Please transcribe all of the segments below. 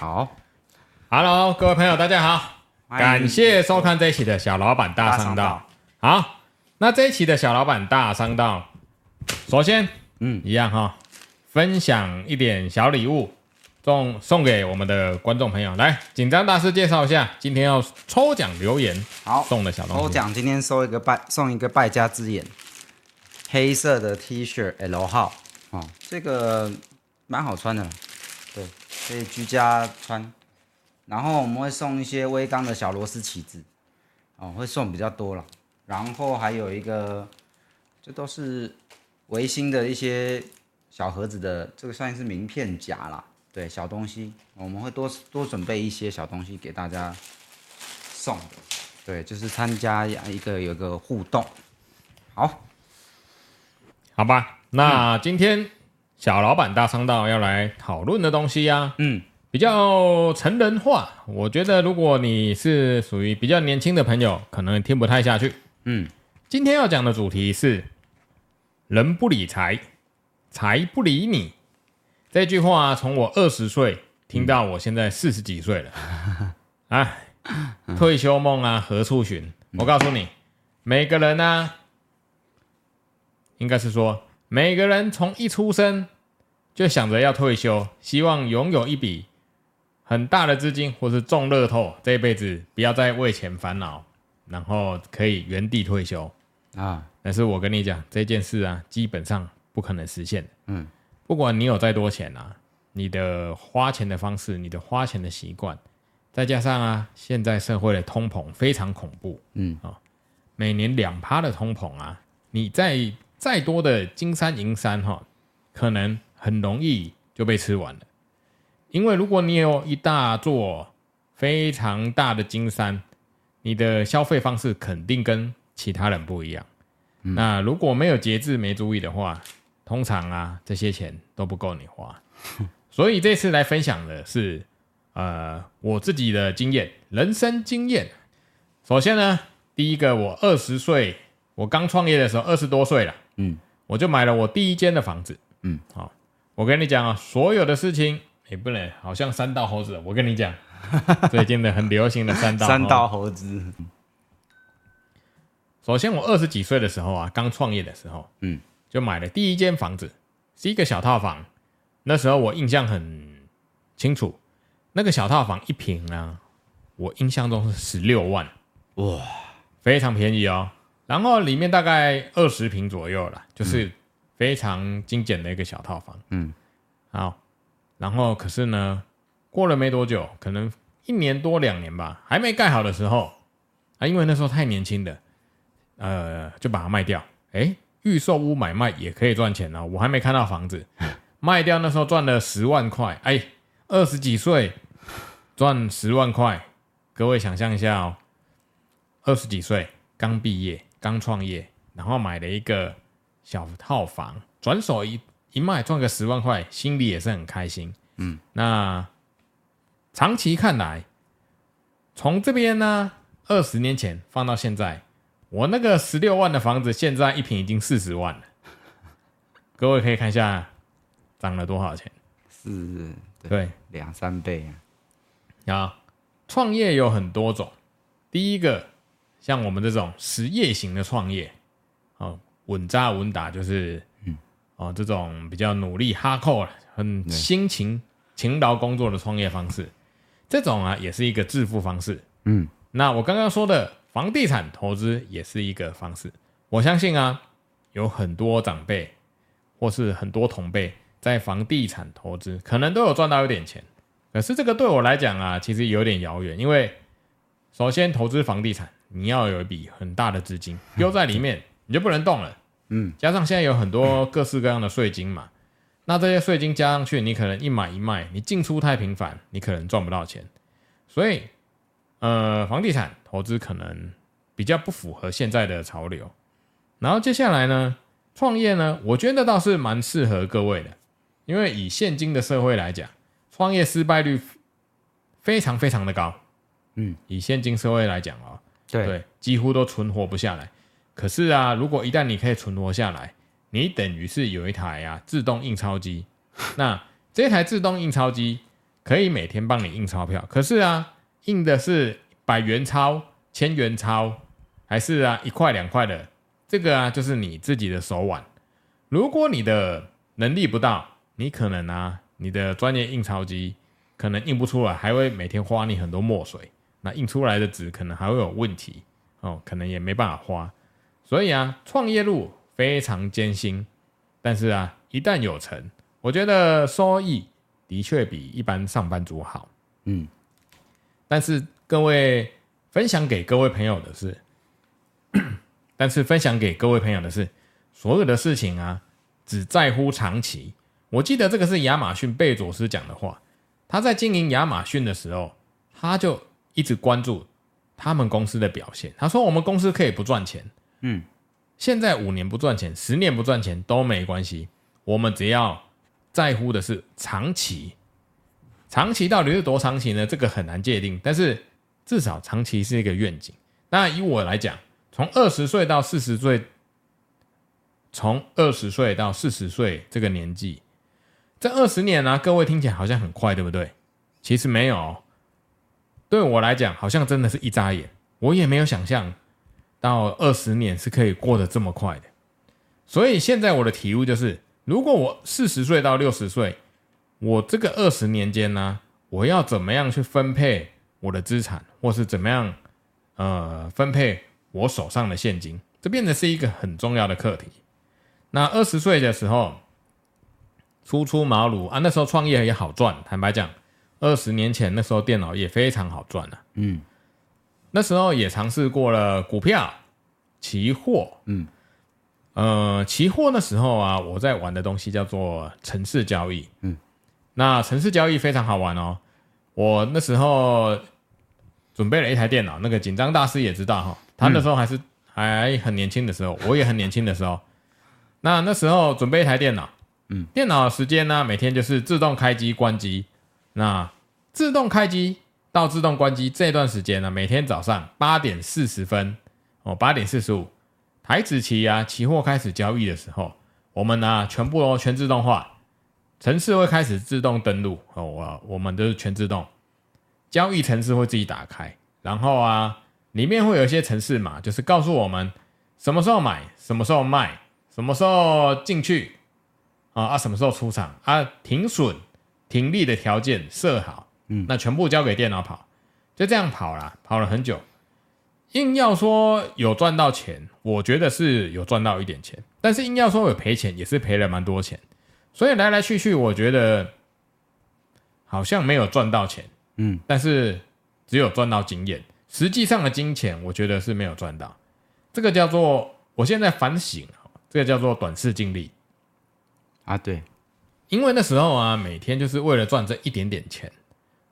好，Hello，各位朋友，大家好，感謝收看這一期的小老闆大、大商道。好，那這一期的小老闆大商道，首先，嗯，一樣哈、哦，分享一點小禮物，送送給我們的觀眾朋友。來，緊張大師介紹一下，今天要抽獎留言，好，送的小老闆抽獎今天收一個敗，送一個敗家之眼，黑色的 T 恤 L 號啊、哦，這個蠻好穿的，對。可以居家穿，然後我們會送一些微鋼的小螺絲起子，哦，會送比較多了。然後還有一個，這都是微星的一些小盒子的，這個算是名片夾啦，對，小東西我們會多多準備一些小東西給大家送，對，就是參加一個有一個互動。好，好吧，那今天。嗯小老闆大商道要來討論的東西呀、啊，嗯，比較成人化。我覺得如果你是屬於比較年輕的朋友，可能聽不太下去。嗯，今天要講的主題是“人不理財，財不理你”這句話、啊，從我二十歲聽到我現在四十幾歲了、嗯。啊，退休夢啊，何處尋？我告訴你、嗯，每個人呢、啊，應該是說。每個人從一出生就想着要退休，希望擁有一筆很大的資金，或是中樂透，這一輩子不要再為錢煩惱，然後可以原地退休啊！但是我跟你講這件事啊，基本上不可能實現。嗯，不管你有再多錢啊，你的花錢的方式、你的花錢的習慣，再加上啊，現在社會的通膨非常恐怖。嗯，啊、哦，每年兩趴的通膨啊，你在。再多的金山銀山哈、哦，可能很容易就被吃完了。因為如果你有一大座非常大的金山，你的消費方式肯定跟其他人不一樣。嗯、那如果沒有節制、沒注意的話，通常啊，這些錢都不夠你花。所以這次來分享的是，呃，我自己的經驗，人生經驗。首先呢，第一個，我二十歲，我剛創業的時候二十多歲了。嗯，我就買了我第一間的房子。嗯，好，我跟你講啊，所有的事情也、欸、不能好像三道猴子。我跟你講，最近的很流行的三道 三道猴子。首先，我二十幾歲的時候啊，剛創業的時候，嗯，就買了第一間房子，是一個小套房。那時候我印象很清楚，那個小套房一坪啊，我印象中是十六萬，哇，非常便宜哦。然後裡面大概二十坪左右啦，就是非常精簡的一個小套房。嗯，好，然後可是呢，過了沒多久，可能一年多兩年吧，還沒蓋好的時候啊，因為那時候太年輕了，呃，就把它賣掉。誒，預售屋買賣也可以賺錢哦，我還沒看到房子賣掉，那時候賺了十萬塊。哎，二十幾歲賺十萬塊，各位想象一下哦，二十幾歲剛畢業。剛創業，然後買了一個小套房，轉手一一賣賺個十萬塊，心裡也是很開心。嗯，那長期看來，從這邊呢、啊，二十年前放到現在，我那個十六萬的房子，現在一平已經四十萬了。 各位可以看一下，漲了多少錢？是，是對，對，兩三倍啊。然後，創業有很多種，第一個。像我們這種實業型的創業，啊、哦，穩紮穩打，就是嗯，啊、哦、這種比較努力、哈扣、很辛勤、嗯、勤勞工作的創業方式，這種啊，也是一個致富方式。嗯，那我剛剛說的房地產投資也是一個方式。我相信啊，有很多長輩或是很多同輩在房地產投資，可能都有賺到一點錢。可是這個對我來講啊，其實有點遙遠，因為首先投資房地產。你要有一筆很大的資金丟在裡面，嗯，你就不能動了。嗯，加上現在有很多各式各樣的稅金嘛，嗯，那這些稅金加上去，你可能一買一賣，你進出太頻繁，你可能賺不到錢。所以，呃，房地產投資可能比較不符合現在的潮流。然後接下來呢，創業呢，我覺得倒是蠻適合各位的，因為以現今的社會來講，創業失敗率非常非常的高。嗯，以現今社會來講哦。對，對，幾乎都存活不下來。可是啊，如果一旦你可以存活下來，你等於是有一台啊自動印鈔機。那這台自動印鈔機可以每天幫你印鈔票。可是啊，印的是百元鈔、千元鈔，還是啊一塊兩塊的？這個啊，就是你自己的手腕。如果你的能力不到，你可能啊，你的專業印鈔機可能印不出來，還會每天花你很多墨水。那印出來的紙可能還會有問題哦，可能也沒辦法花，所以啊，創業路非常艱辛，但是啊，一旦有成，我覺得收益的確比一般上班族好，嗯。但是各位分享給各位朋友的是， 但是分享給各位朋友的是，所有的事情啊，只在乎長期。我記得這個是亞馬遜貝佐斯講的話，他在經營亞馬遜的時候，他就。一直關注他們公司的表現。他說：“我們公司可以不賺錢，嗯，現在五年不賺錢，十年不賺錢都沒關係。我們只要在乎的是長期，長期到底是多長期呢？這個很難界定。但是至少長期是一個願景。那以我來講，從二十歲到四十歲，從二十歲到四十歲這個年紀，這二十年呢、啊，各位聽起來好像很快，對不對？其實沒有。”對我來講，好像真的是一眨眼，我也沒有想象到二十年是可以過得這麼快的。所以現在我的體悟就是，如果我四十歲到六十歲，我這個二十年間呢、啊，我要怎麼樣去分配我的資產，或是怎麼樣呃分配我手上的現金，這變得是一個很重要的課題。那二十歲的時候，初出茅廬啊，那時候創業也好賺，坦白講。二十年前，那時候電腦也非常好賺呢、啊。嗯，那時候也嘗試過了股票、期貨。嗯，呃，期貨那時候啊，我在玩的東西叫做程式交易。嗯，那程式交易非常好玩哦。我那時候準備了一台電腦，那個精湛大師也知道哈，他那時候還是、嗯、還很年輕的時候，我也很年輕的時候。 那那時候準備一台電腦。嗯，電腦時間呢、啊，每天就是自動開機關機。那自動開機到自動關機這段時間呢、啊，每天早上八點四十分哦，八點四十五，台指期啊，期貨開始交易的時候，我們呢、啊、全部哦全自動化，程式會開始自動登錄哦，我我們都是全自動，交易程式會自己打開，然後啊裡面會有一些程式嘛，就是告訴我們什麼時候買，什麼時候賣，什麼時候進去啊啊什麼時候出場啊停損。停利的條件設好，嗯，那全部交給電腦跑，嗯，就這樣跑啦，跑了很久。硬要說有賺到錢，我覺得是有賺到一點錢，但是硬要說有賠錢，也是賠了蠻多錢。所以來來去去，我覺得好像沒有賺到錢，嗯，但是只有賺到經驗。實際上的金錢，我覺得是沒有賺到。這個叫做我現在反省，這個叫做短視近利。啊，對。因為那時候啊，每天就是為了賺這一點點錢，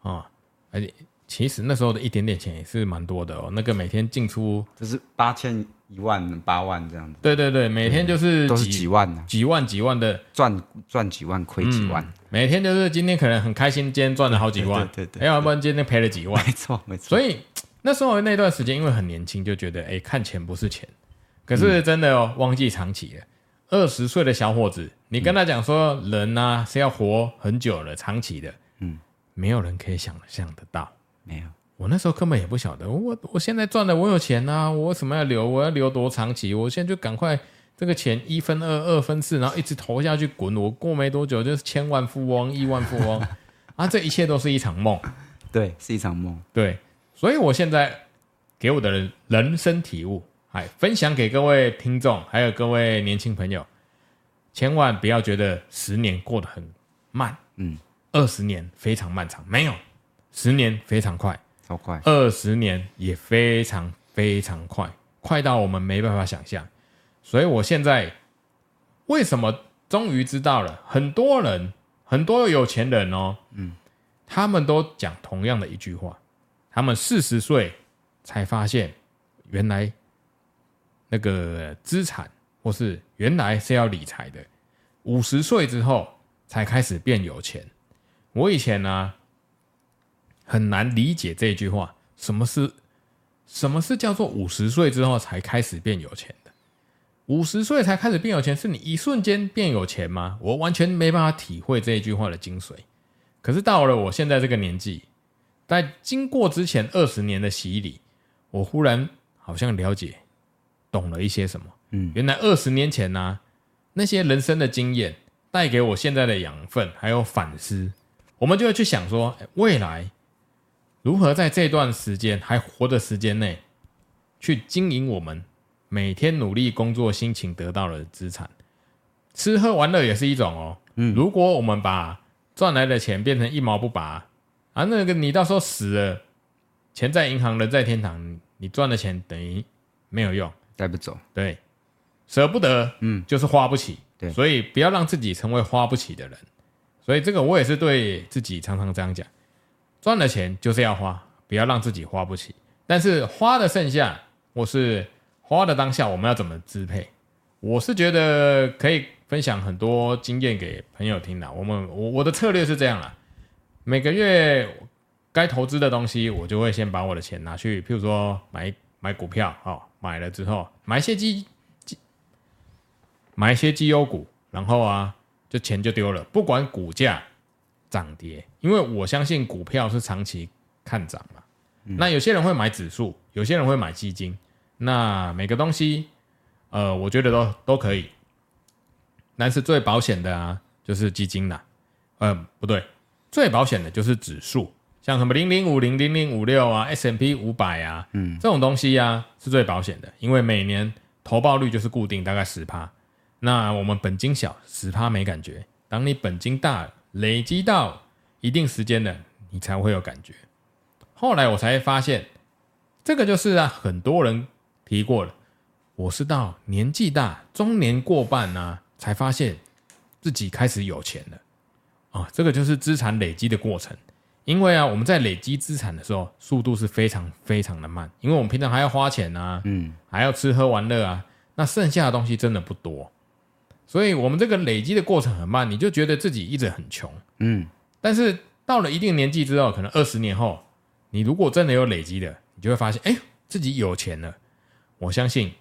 啊、嗯，而且其實那時候的一點點錢也是蠻多的哦。那個每天進出就是八千、一萬、八萬這樣子。對對對，每天就是幾，是幾萬、啊、幾萬幾萬的賺賺幾、幾萬，虧幾萬。每天就是今天可能很開心，今天賺了好幾萬。對對。要不然今天賠了幾萬。沒錯沒錯。所以，對對對對，所以那時候那段時間，因為很年輕，就覺得哎、欸，看錢不是錢，可是真的哦，嗯、忘記長期了。二十歲的小伙子，你跟他講說人、啊，人呢是要活很久的，長期的，嗯，沒有人可以想象得到。沒有，我那時候根本也不曉得。我我現在賺的，我有錢啊，我為什麼要留？我要留多長期？我現在就趕快這個錢一分二、二分四，然後一直投下去滾。我過沒多久就是千萬富翁、億萬富翁 啊！這一切都是一場夢，對，是一場夢，對。所以我現在給我的人人生體悟。哎，分享給各位聽眾，還有各位年輕朋友，千萬不要覺得十年過得很慢，嗯，二十年非常漫長，沒有，十年非常快，好快，二十年也非常非常快，快到我們沒辦法想象。所以我現在為什麼終於知道了，很多人，很多有錢人哦，嗯，他們都講同樣的一句話，他們四十歲才發現，原來。那個資產或是原來是要理財的，五十歲之後才開始變有錢。我以前呢、啊、很難理解這句話，什麼是什麼是叫做五十歲之後才開始變有錢的？五十歲才開始變有錢，是你一瞬間變有錢嗎？我完全沒辦法體會這一句話的精髓。可是到了我現在這個年紀，在經過之前二十年的洗禮，我忽然好像了解。懂了一些什麼？嗯，原來二十年前呢、啊，那些人生的經驗帶給我現在的養分，還有反思。我們就會去想說，欸、未來如何在這段時間還活的時間內，去經營我們每天努力工作、辛勤得到的資產。吃喝玩樂也是一種哦。嗯，如果我們把賺來的錢變成一毛不拔，啊，那個你到時候死了，錢在銀行，人在天堂，你賺的錢等於沒有用。帶不走，對，捨不得，嗯，就是花不起，嗯，對，所以不要讓自己成為花不起的人，所以這個我也是對自己常常這樣講，賺了錢就是要花，不要讓自己花不起，但是花的剩下或是花的當下，我們要怎麼支配？我是覺得可以分享很多經驗給朋友聽的。我們我我的策略是這樣啦，每個月該投資的東西，我就會先把我的錢拿去，譬如說買。買股票，好、哦，買了之後買一些基基，買一些績優股，然後啊，就錢就丟了。不管股價漲跌，因為我相信股票是長期看漲嘛、嗯，那有些人會買指數，有些人會買基金。那每個東西，呃，我覺得都都可以。但是最保險的啊，就是基金啦、啊。嗯、呃，不對，最保險的就是指數。像什麼零零五零零零五六啊，S&P 五百啊，嗯，這種東西啊是最保險的，因為每年投報率就是固定大概十趴。那我們本金小，十趴沒感覺。當你本金大，累積到一定時間了，你才會有感覺。後來我才發現，這個就是啊，很多人提過了。我是到年紀大，中年過半啊，才發現自己開始有錢了啊。這個就是資產累積的過程。因為啊，我們在累積資產的時候，速度是非常非常的慢，因為我們平常還要花錢啊，嗯，還要吃喝玩樂啊，那剩下的東西真的不多，所以我們這個累積的過程很慢，你就覺得自己一直很窮，嗯，但是到了一定年紀之後，可能二十年後，你如果真的有累積的，你就會發現，哎，自己有錢了。我相信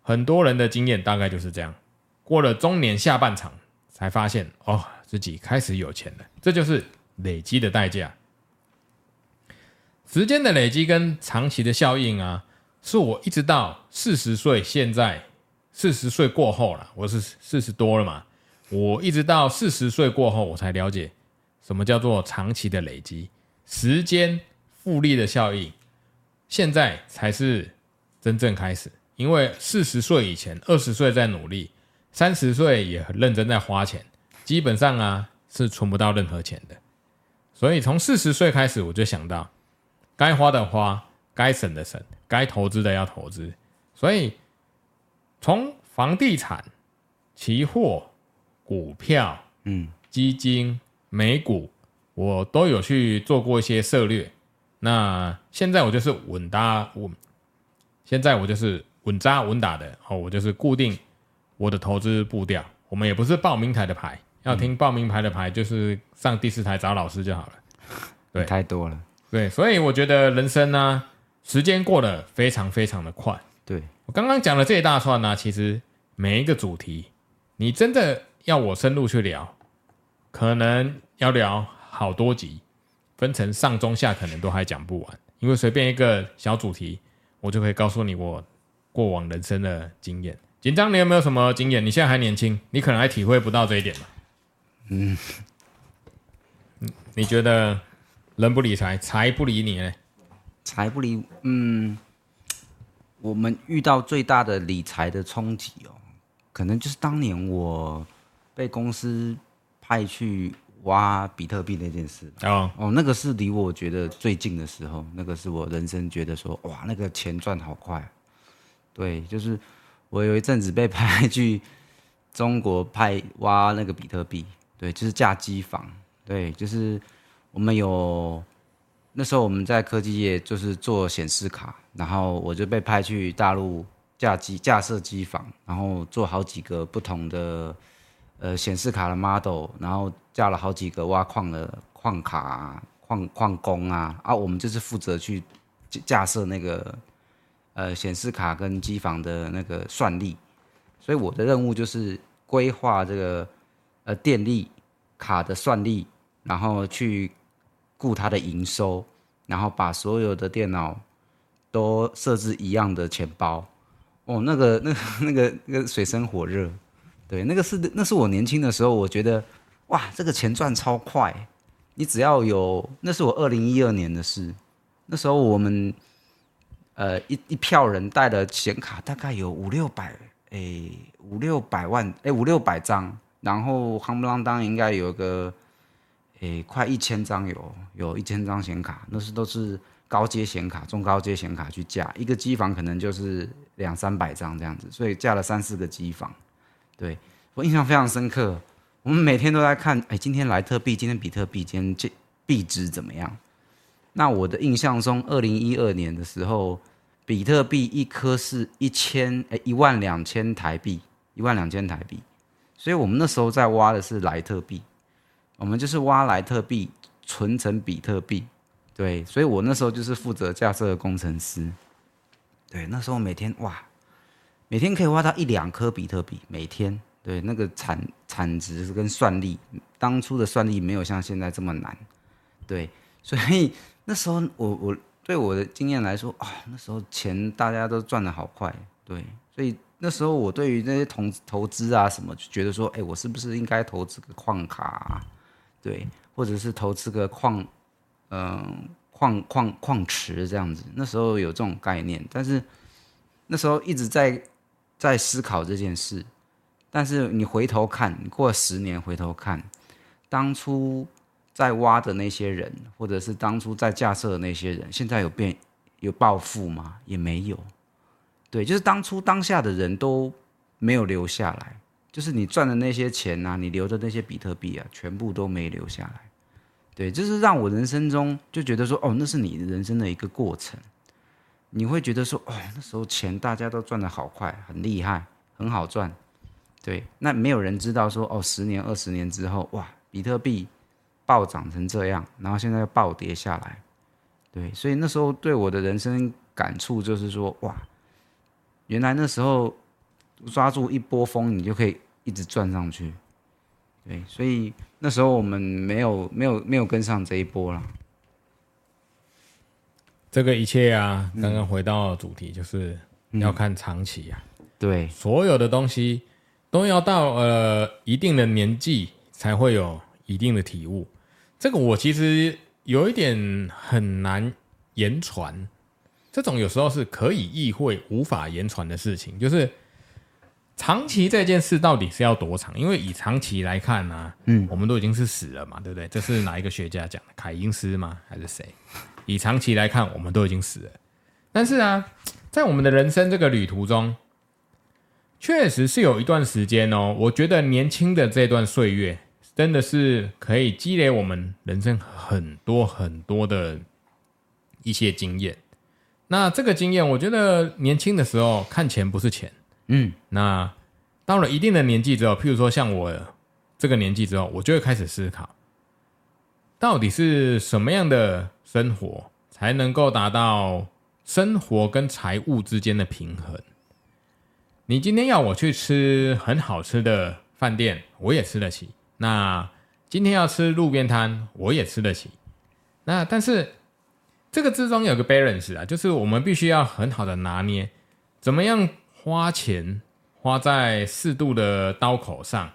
很多人的經驗大概就是這樣，過了中年下半場才發現，哦，自己開始有錢了，這就是累積的代價。時間的累積跟長期的效應啊，是我一直到四十歲，現在四十歲過後了，我是四十多了嘛，我一直到四十歲過後，我才了解什麼叫做長期的累積，時間複利的效應，現在才是真正開始。因為四十歲以前，二十歲在努力，三十歲也很認真在花錢，基本上啊是存不到任何錢的。所以從四十歲開始，我就想到。該花的花，該省的省，該投資的要投資。所以從房地產、期貨、股票、嗯、基金、美股，我都有去做過一些策略。那現在我就是穩搭，穩，現在我就是穩扎穩打的。哦，我就是固定我的投資步調。我們也不是報名台的牌，要聽報名牌的牌，就是上第四台找老師就好了。嗯、對，太多了。對，所以我覺得人生呢，時間過得非常非常的快。對。我剛剛講的這一大串呢，其實每一個主題，你真的要我深入去聊，可能要聊好多集，分成上中下，可能都還講不完。因為隨便一個小主題，我就可以告訴你我過往人生的經驗。緊張，你有沒有什麼經驗？你現在還年輕，你可能還體會不到這一點嘛。嗯，你你覺得？人不理財，財不理你嘞。財不理，嗯，我們遇到最大的理財的衝擊哦，可能就是當年我被公司派去挖比特幣那件事。Oh. 哦，那個是離我覺得最近的時候，那個是我人生覺得說，哇，那個錢賺好快啊，對，就是我有一陣子被派去中國派挖那個比特幣，對，就是架機房，對，就是。我們有那時候我們在科技業就是做顯示卡，然後我就被派去大陸架機架設機房，然後做好幾個不同的呃顯示卡的 model，然後架了好幾個挖礦的礦卡礦、啊、礦工啊啊，我們就是負責去架設那個呃顯示卡跟機房的那個算力，所以我的任務就是規劃這個呃電力卡的算力，然後去。顧他的營收，然後把所有的電腦都設置一樣的錢包。哦，那個、那個、那個、那個水深火熱。對，那個是那是我年輕的時候，我覺得哇，這個錢賺超快。你只要有那是我二零一二年的事，那時候我們呃一一票人帶的顯卡大概有五六百哎五六百萬哎五六百張，然後夯不啷噹應該有個。誒、欸，快一千張有，有一千張顯卡，那是都是高階顯卡、中高階顯卡去架，一個機房可能就是兩三百張這樣子，所以架了三四個機房，對，我印象非常深刻。我們每天都在看，誒、欸，今天萊特幣，今天比特幣，今天幣值怎麼樣？那我的印象中，二零一二年的時候，比特幣一顆是一千，誒，一萬兩千台幣，一萬兩千台幣，所以我們那時候在挖的是萊特幣。我們就是挖萊特幣，存成比特幣，對，所以我那時候就是負責架設的工程師，對，那時候每天哇，每天可以挖到一兩顆比特幣，每天，對，那個產產值跟算力，當初的算力沒有像現在這麼難，對，所以那時候我我對我的經驗來說，哦，那時候錢大家都賺得好快，對，所以那時候我對於那些投資啊什麼，就覺得說，哎、欸，我是不是應該投資個礦卡、啊？對，或者是投資個礦，嗯、呃，礦礦礦池這樣子，那時候有這種概念，但是那時候一直在在思考這件事。但是你回頭看，你過了十年回頭看，當初在挖的那些人，或者是當初在架設的那些人，現在有變有暴富嗎？也沒有。對，就是當初當下的人都沒有留下來。就是你賺的那些錢吶、啊，你留的那些比特幣啊，全部都沒留下來，對，就是讓我人生中就覺得說，哦，那是你人生的一個過程，你會覺得說，哦，那時候錢大家都賺得好快，很厲害，很好賺，對，那沒有人知道說，哦，十年二十年之後，哇，比特幣暴漲成這樣，然後現在又暴跌下來，對，所以那時候對我的人生感觸就是說，哇，原來那時候。抓住一波風，你就可以一直轉上去。對，所以那時候我們沒有、沒有、沒有跟上這一波了。這個一切啊，剛剛回到主題，就是要看長期啊、嗯嗯。對，所有的東西都要到呃一定的年紀，才會有一定的體悟。這個我其實有一點很難言傳，這種有時候是可以意會、無法言傳的事情，就是。長期這件事到底是要多長？因為以長期來看呢，啊，嗯，我們都已經是死了嘛，對不對？這是哪一個學家講的？凱因斯嗎？還是誰？以長期來看，我們都已經死了。但是啊，在我們的人生這個旅途中，確實是有一段時間哦。我覺得年輕的這段歲月，真的是可以積累我們人生很多很多的一些經驗。那這個經驗，我覺得年輕的時候看錢不是錢。嗯，那到了一定的年紀之後，譬如說像我這個年紀之後，我就會開始思考，到底是什麼樣的生活才能夠達到生活跟財務之間的平衡？你今天要我去吃很好吃的飯店，我也吃得起；那今天要吃路邊攤，我也吃得起。那但是這個之中有個 balance 啊，就是我們必須要很好的拿捏，怎麼樣？花錢花在適度的刀口上，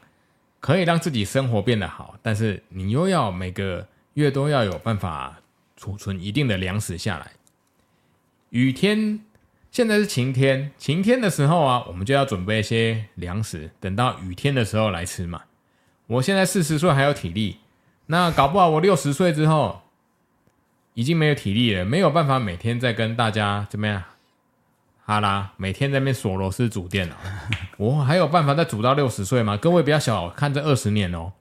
可以讓自己生活變得好，但是你又要每個月都要有辦法儲存一定的糧食下來。雨天現在是晴天，晴天的時候啊，我們就要準備一些糧食，等到雨天的時候來吃嘛。我現在四十歲還有體力，那搞不好我六十歲之後已經沒有體力了，沒有辦法每天再跟大家怎麼樣？哈啦，每天在那鎖螺絲組電腦，我、哦、還有辦法再組到六十歲嗎？各位不要小看這二十年哦、喔，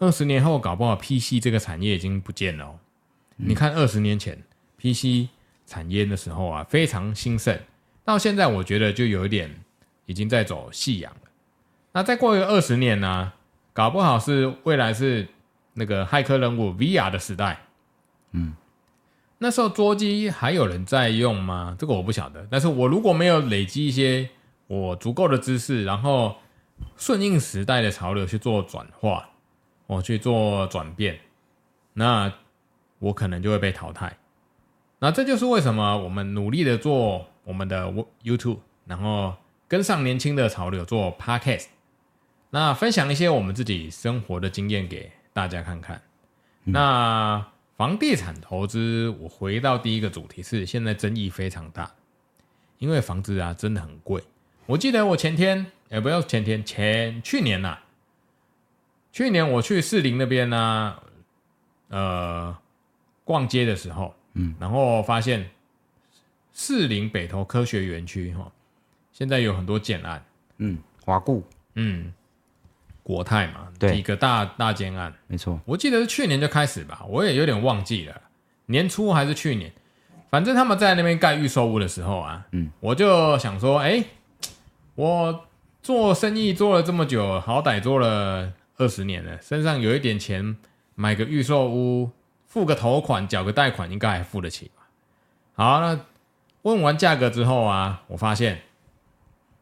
二十年後搞不好 PC 這個產業已經不見了、喔嗯。你看二十年前 PC 產業的時候啊，非常興盛，到現在我覺得就有一點已經在走夕陽了，那再過一個二十年呢、啊，搞不好是未來是那個駭客人物 VR 的時代，嗯。那時候桌機還有人在用嗎？這個我不曉得。但是我如果沒有累積一些我足夠的知識，然後順應時代的潮流去做轉化，我去做轉變，那我可能就會被淘汰。那這就是為什麼我們努力的做我們的 YouTube，然後跟上年輕的潮流做 Podcast，那分享一些我們自己生活的經驗給大家看看。嗯、那。房地產投資，我回到第一個主題是，現在爭議非常大，因為房子啊真的很貴。我記得我前天，也、欸、不要前天，前去年吶、啊，去年我去士林那邊呢、啊，呃，逛街的時候、嗯，然後發現士林北投科學園區、哦、現在有很多建案，嗯，華固，嗯。國泰嘛，幾個大對大建案，沒錯。我記得是去年就開始吧，我也有點忘記了，年初還是去年，反正他們在那邊蓋預售屋的時候啊，嗯，我就想說，哎、欸，我做生意做了這麼久，好歹做了二十年了，身上有一點錢，買個預售屋，付個頭款，繳個貸款，應該還付得起吧？好、啊，那問完價格之後啊，我發現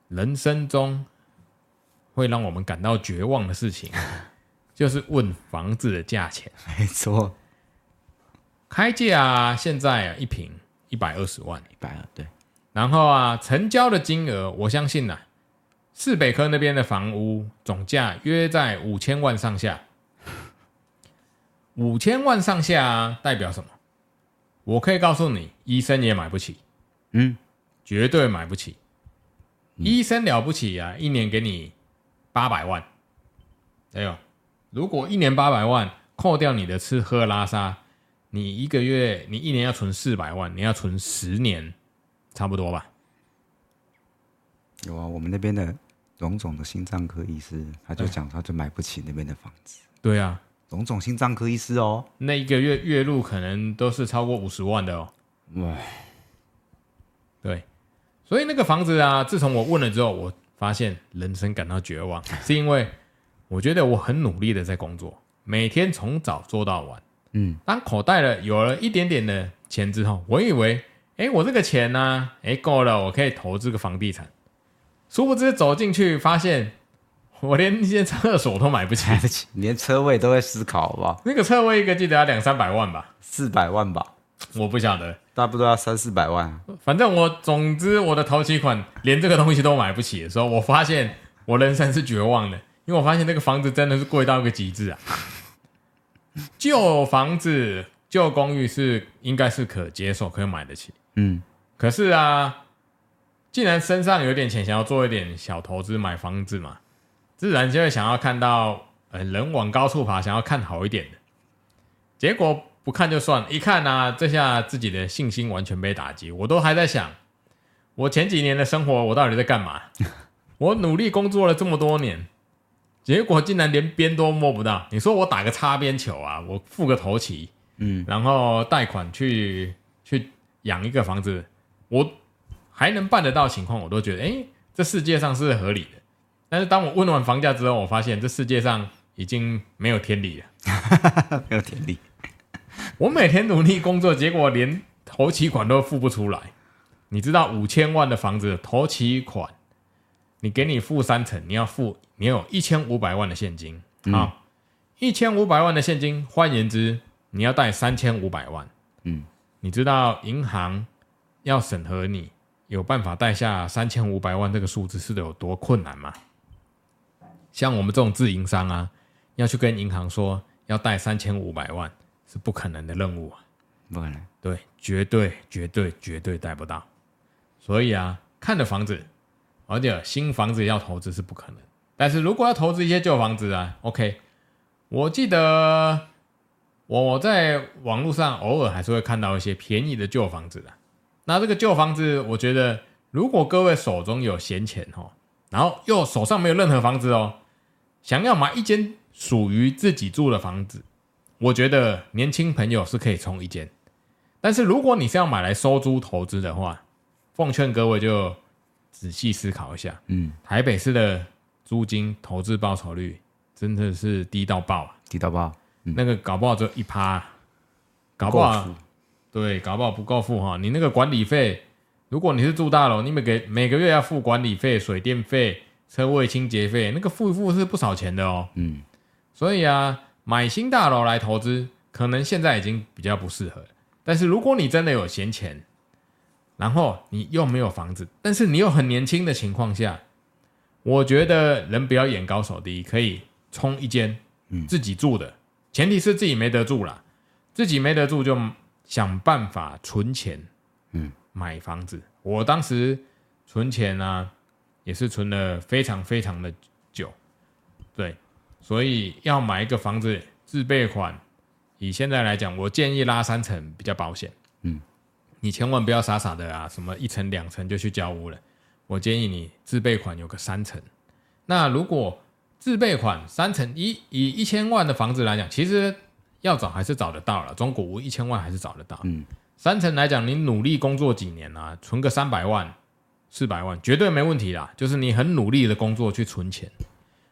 人生中。會讓我們感到絕望的事情， 就是問房子的價錢。沒錯，開價啊，現在、啊、一坪一百二十萬，一百二對。然後啊，成交的金額，我相信啊，士北科那邊的房屋總價約在五千萬上下。五 千萬上下、啊、代表什麼？我可以告訴你，醫生也買不起。嗯，絕對買不起。嗯、醫生了不起啊，一年給你。八百萬，哎呦！如果一年八百萬，扣掉你的吃喝拉撒，你一個月，你一年要存四百萬，你要存十年，差不多吧？有啊，我們那邊的龍總的心臟科醫師，他就講，他就買不起那邊的房子。哎、對啊，龍總心臟科醫師哦，那一個月月入可能都是超過五十萬的哦。唉，對，所以那個房子啊，自從我問了之後，我。發現人生感到絕望，是因為我覺得我很努力的在工作，每天從早做到晚。嗯，當口袋了有了一點點的錢之後，我以為，哎，我這個錢呢、啊，哎，夠了，我可以投資個房地產。殊不知走進去發現，我連一間廁所都買不起，連車位都在思考好不好？那個車位一個記得要兩三百萬吧，四百萬吧，我不曉得。差不多要三四百萬，反正我總之我的頭期款連這個東西都買不起的時候，我發現我人生是絕望的，因為我發現那個房子真的是貴到一個極致啊！舊 房子、舊公寓是應該是可接受、可以買得起，嗯，可是啊，既然身上有點錢，想要做一點小投資買房子嘛，自然就會想要看到呃人往高處爬，想要看好一點的結果。不看就算了，一看呢、啊，這下自己的信心完全被打擊。我都還在想，我前幾年的生活，我到底在幹嘛？ 我努力工作了這麼多年，結果竟然連邊都摸不到。你說我打個擦邊球啊，我付個頭期，嗯，然後貸款去去養一個房子，我還能辦得到情況，我都覺得哎，這世界上是合理的。但是當我問完房價之後，我發現這世界上已經沒有天理了，沒 有天理。我每天努力工作，結果連頭期款都付不出來。你知道五千萬的房子頭期款，你給你付三成，你要付你要有一千五百萬的現金啊，一千五百萬的現金，嗯，換言之，你要貸三千五百萬。嗯，你知道銀行要審核你有辦法貸下三千五百萬這個數字是有多困難嗎？像我們這種自營商啊，要去跟銀行說要貸三千五百萬。是不可能的任務啊，不可能，對，絕對絕對絕對貸不到。所以啊，看的房子，而且新房子要投資是不可能。但是如果要投資一些舊房子啊，OK，我記得我在網絡上偶爾還是會看到一些便宜的舊房子的啊。那這個舊房子，我覺得如果各位手中有閒錢哦，然後又手上沒有任何房子哦，想要買一間屬於自己住的房子。我覺得年輕朋友是可以衝一間，但是如果你是要買來收租投資的話，奉勸各位就仔細思考一下。嗯，台北市的租金投資報酬率真的是低到爆、啊，低到爆、嗯。那個搞不好就一趴，搞不好不對，搞不好不夠付哈、啊。你那個管理費，如果你是住大樓，你每個每個月要付管理費、水電費、車位清潔費，那個付一付是不少錢的哦。嗯，所以啊。買新大樓來投資，可能現在已經比較不適合。但是如果你真的有閒錢，然後你又沒有房子，但是你又很年輕的情況下，我覺得人不要眼高手低，可以衝一間，嗯，自己住的、嗯。前提是自己沒得住啦，自己沒得住，就想辦法存錢，嗯，買房子。我當時存錢呢、啊，也是存了非常非常的久，對。所以要買一個房子，自備款，以現在來講，我建議拉三成比較保險。嗯，你千萬不要傻傻的啊，什麼一層兩層就去交屋了。我建議你自備款有個三成。那如果自備款三成以，以一千萬的房子來講，其實要找還是找得到啦，中古屋一千萬還是找得到。嗯，三成來講，你努力工作幾年啦、啊，存個三百萬、四百萬，絕對沒問題啦。就是你很努力的工作去存錢。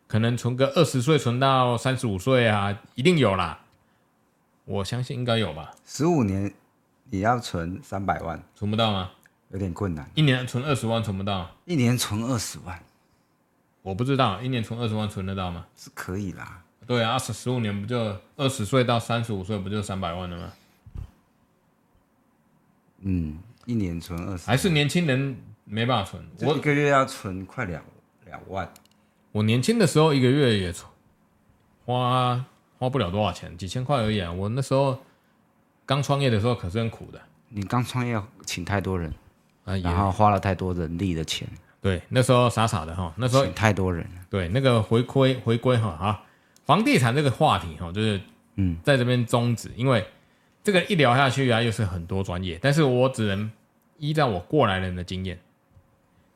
可能存個二十歲存到三十五歲啊，一定有啦，我相信應該有吧。十五年，你要存三百萬，存不到嗎？有點困難。一年存二十萬，存不到？一年存二十萬，我不知道，一年存二十萬存得到嗎？是可以啦。對啊，十十五年不就二十歲到三十五歲不就三百萬了嗎？嗯，一年存二十萬，還是年輕人沒辦法存。我一個月要存快兩兩萬。我年輕的時候，一個月也花花不了多少錢，幾千塊而已、啊。我那時候剛創業的時候可是很苦的，你剛創業請太多人，啊，然後花了太多人力的錢。對，那時候傻傻的哈，那時候請太多人。對，那個回歸回歸哈啊，房地產這個話題哈，就是嗯，在這邊終止、嗯，因為這個一聊下去啊，又是很多專業，但是我只能依照我過來人的經驗。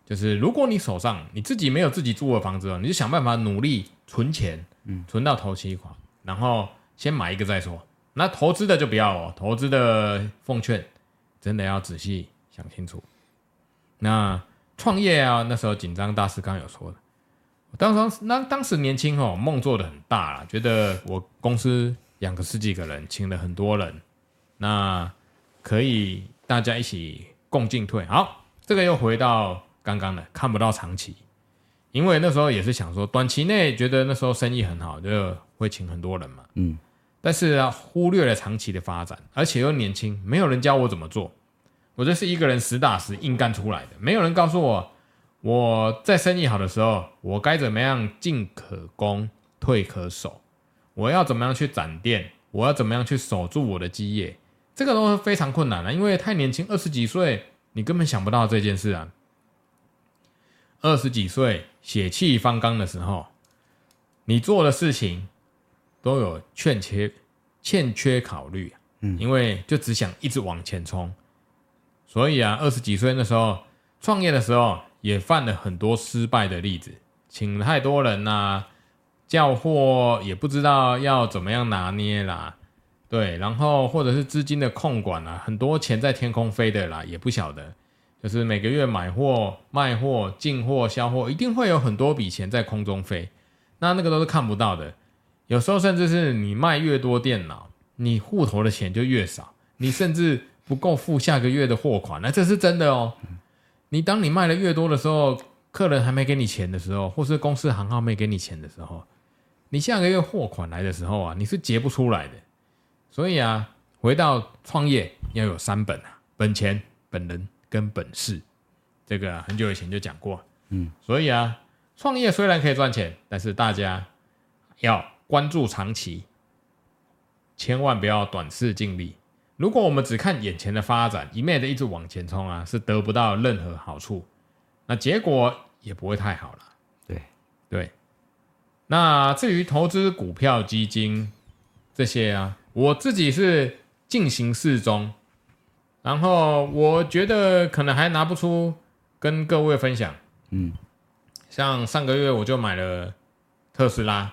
就是如果你手上你自己沒有自己住的房子哦，你就想辦法努力存錢，嗯，存到頭期款，然後先買一個再說。那投資的就不要哦，投資的奉勸真的要仔細想清楚。那創業啊，那時候緊張大師剛剛有說的，當時那當時年輕哦，夢做的很大啦，覺得我公司養個十幾個人，請了很多人，那可以大家一起共進退。好，這個又回到。剛剛的看不到長期，因為那時候也是想說短期內覺得那時候生意很好，就會請很多人嘛。嗯，但是、啊、忽略了長期的發展，而且又年輕，沒有人教我怎麼做，我就是一個人實打實硬幹出來的。沒有人告訴我，我在生意好的時候，我該怎麼樣進可攻退可守，我要怎麼樣去展店，我要怎麼樣去守住我的基業，這個都是非常困難的、啊，因為太年輕，二十幾歲，你根本想不到這件事啊。二十幾歲血氣方剛的時候，你做的事情都有欠缺、欠缺考慮啊，嗯，因為就只想一直往前衝，所以啊，二十幾歲那時候創業的時候，也犯了很多失敗的例子，請太多人啊，叫貨也不知道要怎麼樣拿捏啦，對，然後或者是資金的控管啊，很多錢在天空飛的啦，也不曉得。就是每個月買貨、賣貨、進貨、銷貨，一定會有很多筆錢在空中飛，那那個都是看不到的。有時候甚至是你賣越多電腦，你戶頭的錢就越少，你甚至不夠付下個月的貨款，那、啊、這是真的哦。你當你賣的越多的時候，客人還沒給你錢的時候，或是公司行號沒給你錢的時候，你下個月貨款來的時候啊，你是結不出來的。所以啊，回到創業要有三本啊，本錢、本人。跟本事，這個很久以前就講過，嗯，所以啊，創業雖然可以賺錢，但是大家要關注長期，千萬不要短視近利。如果我們只看眼前的發展，嗯、一味的一直往前衝啊，是得不到任何好處，那結果也不會太好了。對對，那至於投資股票、基金這些啊，我自己是進行事中。然後我覺得可能還拿不出跟各位分享。嗯，像上個月我就買了特斯拉，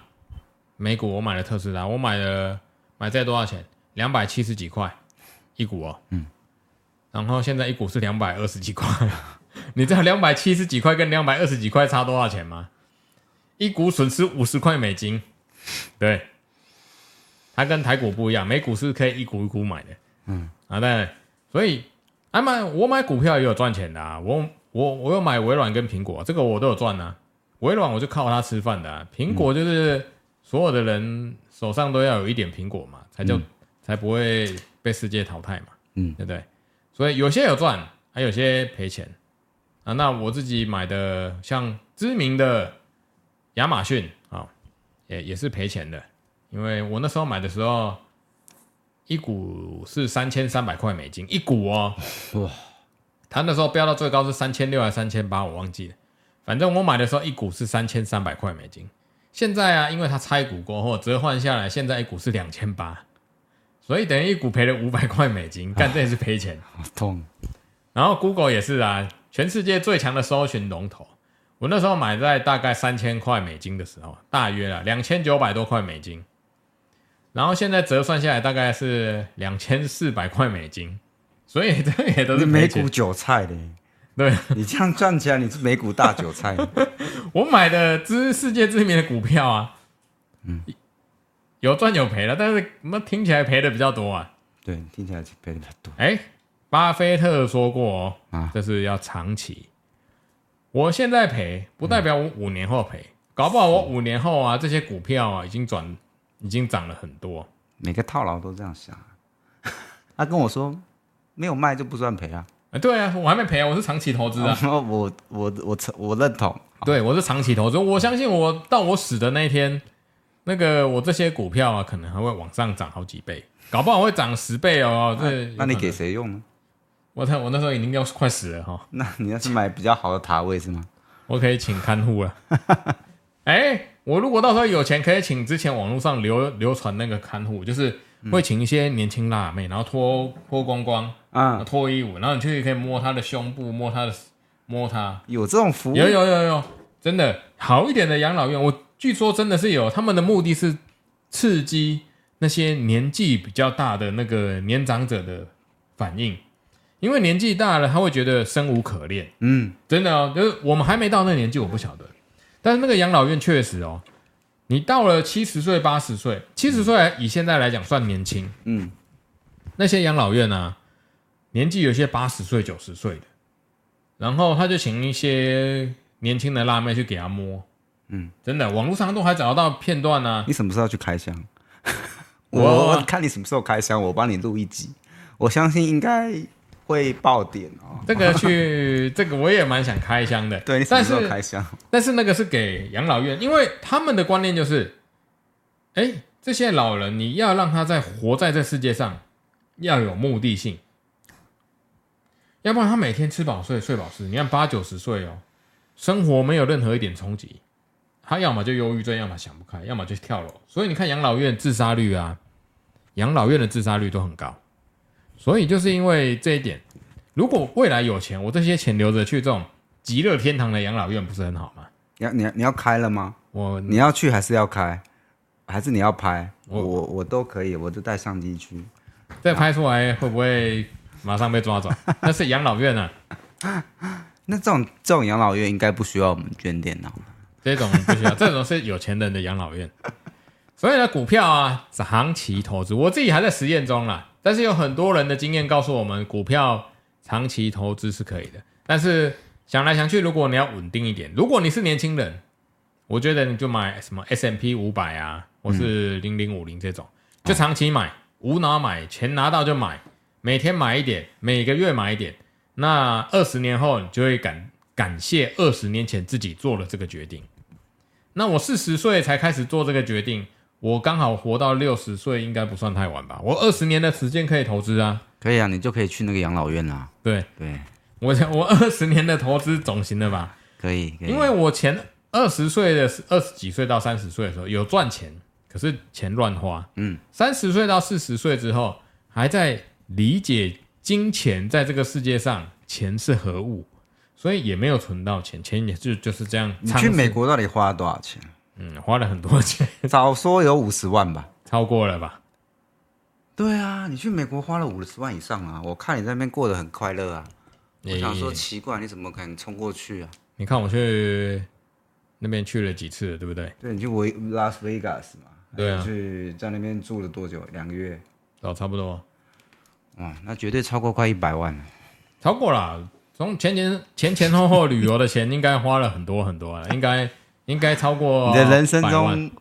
美股我買了特斯拉，我買了買在多少錢？兩百七十幾塊一股哦。嗯，然後現在一股是兩百二十幾塊。你知道兩百七十幾塊跟兩百二十幾塊差多少錢嗎？一股損失五十塊美金。對，它跟台股不一樣，美股是可以一股一股買的。嗯，啊但。所以，啊、買我買股票也有賺錢的、啊，我我我有買微軟跟蘋果、啊，這個我都有賺呢、啊。微軟我就靠它吃飯的、啊，蘋果就是所有的人手上都要有一點蘋果嘛，才叫、嗯、才不會被世界淘汰嘛，嗯，對不對？所以有些有賺，還有些賠錢啊。那我自己買的像知名的亞馬遜啊、哦，也也是賠錢的，因為我那時候買的時候。一股是三千三百塊美金一股哦、喔，哇！它那時候飆到最高是三千六還是三千八，我忘記了。反正我買的時候一股是三千三百塊美金，現在啊，因為他拆股過後折換下來，現在一股是兩千八，所以等於一股賠了五百塊美金，幹，這也是賠錢、啊，好痛。然後 Google 也是啊，全世界最強的搜尋龍頭，我那時候買在大概三千塊美金的時候，大約啊兩千九百多塊美金。然後現在折算下來大概是兩千四百塊美金，所以這也都是美股韭菜的。對， 你這樣賺錢，你是美股大韭菜。 我買的知世界知名的股票啊，嗯，有賺有賠了，但是怎麼聽起來賠的比較多啊？對，聽起來賠的比較多。哎，巴菲特說過、哦、啊，這是要長期。我現在賠，不代表我五年後賠、嗯，搞不好我五年後啊，這些股票啊已經轉。已經漲了很多，每個套牢都這樣想，啊。他 啊、跟我說，沒有賣就不算賠啊。哎，對啊，我還沒賠啊，我是長期投資啊。哦、我我我我認同，對、哦、我是長期投資，我相信我到我死的那一天，那個我這些股票啊，可能還會往上漲好幾倍，搞不好我會漲十倍哦 那。那你給誰用呢？我操，我那時候已經要快死了哈，哦。那你要去買比較好的塔位 是嗎？我可以請看護了。哎。 我如果到時候有錢，可以請之前網絡上流流傳那個看護，就是會請一些年輕辣妹，嗯、然後脫脫光光啊，嗯、脫衣服，然後你去可以摸她的胸部，摸她的，摸她。有這種服務？有有有有，真的，好一點的養老院，我據說真的是有，他們的目的是刺激那些年紀比較大的那個年長者的反應，因為年紀大了，他會覺得生無可戀。嗯，真的哦，就是我們還沒到那年紀，我不曉得。但是那個養老院確實哦，你到了七十歲、八十歲，七十歲以現在來講算年輕，嗯，那些養老院啊，年紀有些八十歲、九十歲的，然後他就請一些年輕的辣妹去給他摸，嗯，真的，網絡上都還找得到片段呢、啊。你什麼時候去開箱？ 我看你什麼時候開箱，我幫你錄一集。我相信應該。會爆點哦，這個去，這個我也蠻想開箱的， 對，什麼時候開箱？但是那個是給養老院，因為他們的觀念就是，哎，這些老人你要讓他在活在這世界上要有目的性，要不然他每天吃飽睡，睡飽吃，你看八九十歲哦，生活沒有任何一點衝擊，他要麼就憂鬱症，要麼想不開，要麼就跳樓。所以你看養老院自殺率啊，養老院的自殺率都很高。所以就是因為這一點，如果未來有錢，我這些錢留着去這種極樂天堂的養老院，不是很好嗎？你要你你要開了嗎？我你要去還是要開？還是你要拍？我我,我都可以，我就帶相機去。再拍出來會不會馬上被抓走？ 那是養老院啊。 那這種這種養老院應該不需要我們捐電腦。 這種不需要，這種是有錢人的養老院。所以呢，股票啊，長期投資，我自己還在實驗中啦、啊。但是有很多人的經驗告訴我們，股票長期投資是可以的。但是想來想去，如果你要穩定一點，如果你是年輕人，我覺得你就買什麼 S&P 五百啊，或是零零五零這種，嗯，就長期買，無腦買，錢拿到就買，哦，每天買一點，每個月買一點，那二十年後你就會感感謝二十年前自己做了這個決定。那我四十歲才開始做這個決定。我剛好活到六十歲，應該不算太晚吧？我二十年的時間可以投資啊，可以啊，你就可以去那個養老院啊。對對，我我二十年的投資總行了吧？可以，可以。因為我前二十歲的二十幾歲到三十歲的時候有賺錢，可是錢亂花。嗯，三十歲到四十歲之後還在理解金錢在這個世界上錢是何物，所以也沒有存到錢，錢也就就是這樣。你去美國到底花了多少錢？嗯，花了很多錢，早說有五十萬吧，超過了吧？對啊，你去美國花了五十萬以上啊！我看你在那邊過得很快樂啊，欸！我想說奇怪，你怎麼可能衝過去啊？你看我去那邊去了幾次了，對不對？對，你去拉斯維加斯嘛？對啊，去在那邊住了多久？兩個月，哦，差不多。哇，嗯，那絕對超過快一百萬，超過了。從前，前前前前後後 旅遊的錢應該花了很多很多了，啊，應該。 應該超過、啊、你的人生中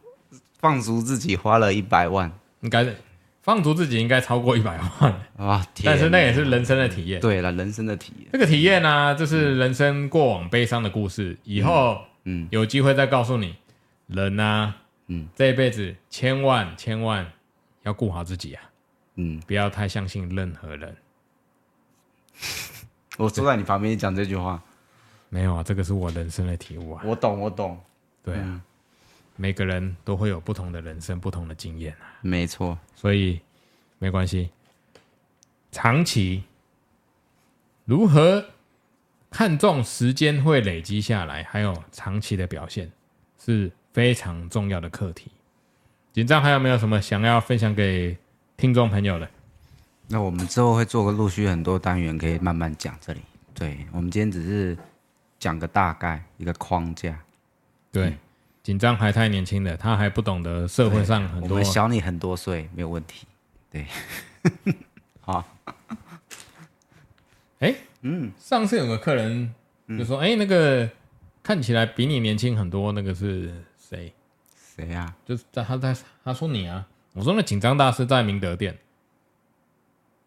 放逐自己花了一百萬，應該放逐自己應該超過一百萬哇、啊！但是那也是人生的體驗，對了，人生的體驗，這個體驗啊，就是人生過往悲傷的故事。嗯、以後嗯，有機會再告訴你，人啊，嗯，這一輩子千萬千萬要顧好自己啊，嗯，不要太相信任何人。 我坐在你旁邊講這句話，沒有啊，這個是我人生的體悟啊，我懂，我懂。對啊，嗯，每個人都會有不同的人生，不同的經驗啊。沒錯，所以沒關係。長期如何看重時間會累積下來，還有長期的表現是非常重要的課題。精讚，還有沒有什麼想要分享給聽眾朋友的？那我們之後會做個陸續很多單元，可以慢慢講這裡。對，我們今天只是講個大概，一個框架。對，精、嗯、湛還太年輕的，他還不懂得社會上很多。我小你很多歲，沒有問題。對，好。哎，嗯，上次有個客人就說：“哎、嗯欸，那個看起來比你年輕很多，那個是誰？”誰呀、啊？就是在他在他，他說你啊，我說那精湛大師在明德店。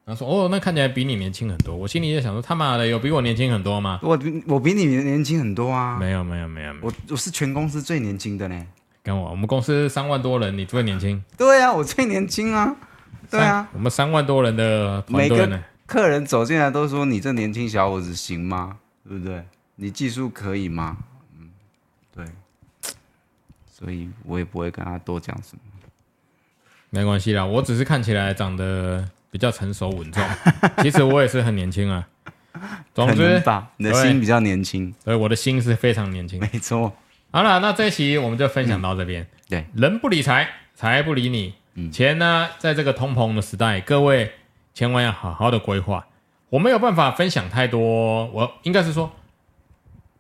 他說：“哦，那看起來比你年輕很多。”我心裡在想說：“他媽的，有比我年輕很多嗎？”我我比你年輕很多啊！沒有沒有沒有沒有，我我是全公司最年輕的呢。跟我，我們公司三萬多人，你最年輕。對啊，我最年輕啊！對啊，我們三萬多人的團隊呢，每個客人走進來都說：“你這年輕小伙子行嗎？對不對？你技術可以嗎？”嗯，對。所以我也不會跟他多講什麼。沒關係啦，我只是看起來長得。比較成熟穩重，其實我也是很年輕啊。 總之，你的心比較年輕，對，我的心是非常年輕，沒錯。好了，那這一期我們就分享到這邊，嗯。對，人不理財，財不理你。嗯、錢呢、啊，在這個通膨的時代，各位千萬要好好的規劃。我沒有辦法分享太多，我應該是說，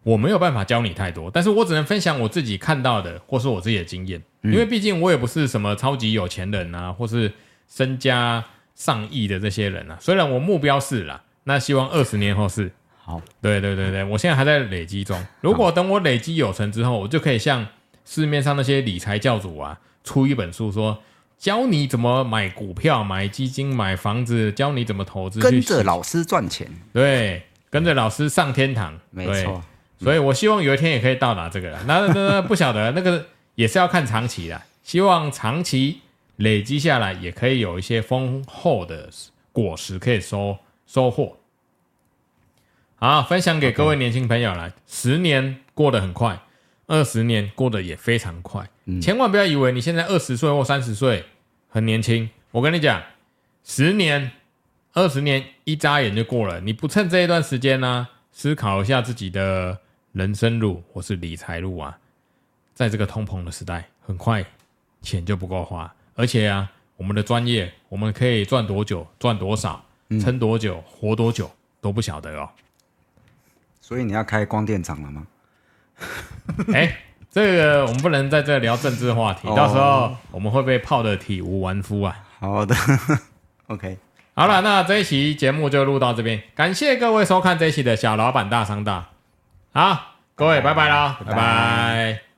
我沒有辦法教你太多，但是我只能分享我自己看到的，或是我自己的經驗、嗯，因為畢竟我也不是什麼超級有錢人啊，或是身家。上億的這些人呢、啊？雖然我目標是啦，那希望二十年後是好。對對對對，我現在還在累積中。如果等我累積有成之後，我就可以像市面上那些理財教主啊，出一本書說，說教你怎麼買股票、買基金、買房子，教你怎麼投資去，跟着老師賺錢。對，跟着老師上天堂、嗯對。沒錯，所以我希望有一天也可以到達這個、嗯。那那，那不曉得 那個也是要看長期的，希望長期。累積下來也可以有一些豐厚的果實可以收收穫。好，分享給各位年輕朋友來。Okay. 十年過得很快，二十年過得也非常快。嗯。千萬不要以為你現在二十歲或三十歲很年輕。我跟你講，十年、二十年一眨眼就過了。你不趁這一段時間呢，啊，思考一下自己的人生路或是理財路啊，在這個通膨的時代，很快錢就不夠花。而且啊，我們的專業，我們可以賺多久、賺多少、撐、嗯、多久、活多久都不曉得哦。所以你要開光電廠了嗎？哎、 欸，這個我們不能在這聊政治話題，哦、到時候我們會被泡得體無完膚啊？哦 okay、好的，OK，好了，那這一期節目就錄到這邊，感謝各位收看這一期的小老闆大商道，好，各位拜拜啦，拜拜。拜拜拜拜